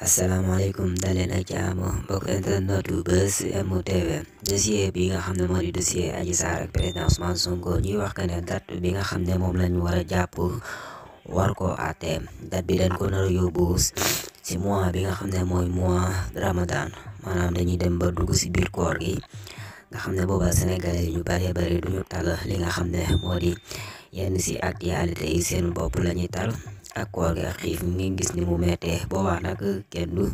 asalaamaaleykum daleen ak jàmm mbokk internet bu Buzz e TV dossier bi nga xam ne moo di dossier Adji Sarr ak président wax que ne date bi nga xam ne moom lañu war a jàpp war ko àtte date bi dañ ko nar a yóbbu si mois bi nga xam ne mooy mois Ramadan maanaam dañuy dem ba dugg si biir koor gi nga xam ne booba Sénégalais yi ñu bëree bëri duñu tal li nga xam ne moo di yenn si actualité yi seen bopp la ñuy tal ak koor gi xiif ngi gis ni mu méttee boobaa nag kenn du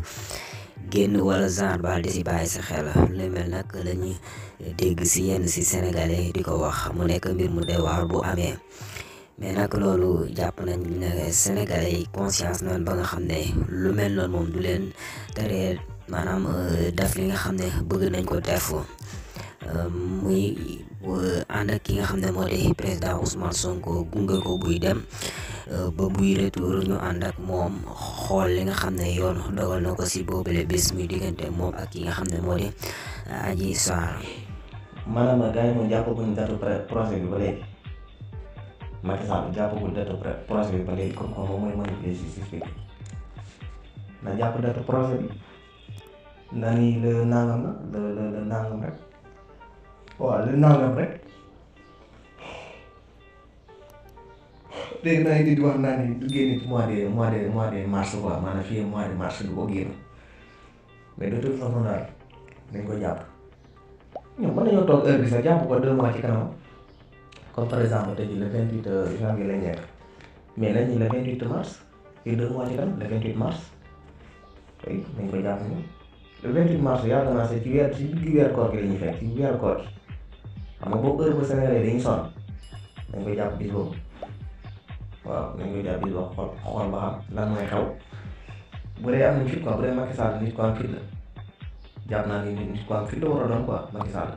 génn wala Zane Ba di si bàyyi sa xel lu mel nag la ñu dégg si yenn si sénégalais di ko wax mu nekk mbir mu doy waar bu amee mais nag loolu jàpp nañ ne yi conscience nañ ba nga xam ne lu mel noonu moom du leen teree maanaam euh, def li nga xam ne bëgg nañ ko def euh, muy euh, ànd ki nga xam ne moo di président Ousmane Sonko gunge ko buy dem. Euh, ba buy retour ñu ànd moom xool li nga xam ne yoon dogal na ko si boobule bés muy diggante moom ak ki nga xam ne moo di Adji Sarr. maanaam gars yi moom jàppaguñ datu procès datu procès bi na jàpp datu procès bi la le rek waaw le nangam rek. léegi naa ngi di wax naa ne du génn ci mois de mois de mois de mars quoi fii mois de mars du ko génn mais de toute façon daal nañ ko jàpp ñoom mois ci le euh, mais nañ ñu mars fii deux mars oui weer ci biir weer koor gi la fekk ci weer koor gi xam nga boobu heure bu Sénégalais dañuy sonn nañ jàpp bis boobu. waaw nañ ko jàpp bis ba xool xool ba xam lan mooy xew bu dee am na fit quoi bu dee Macky Sall nit ku am fit la jàpp naa ni nit ku am fit la war doon quoi Macky Sall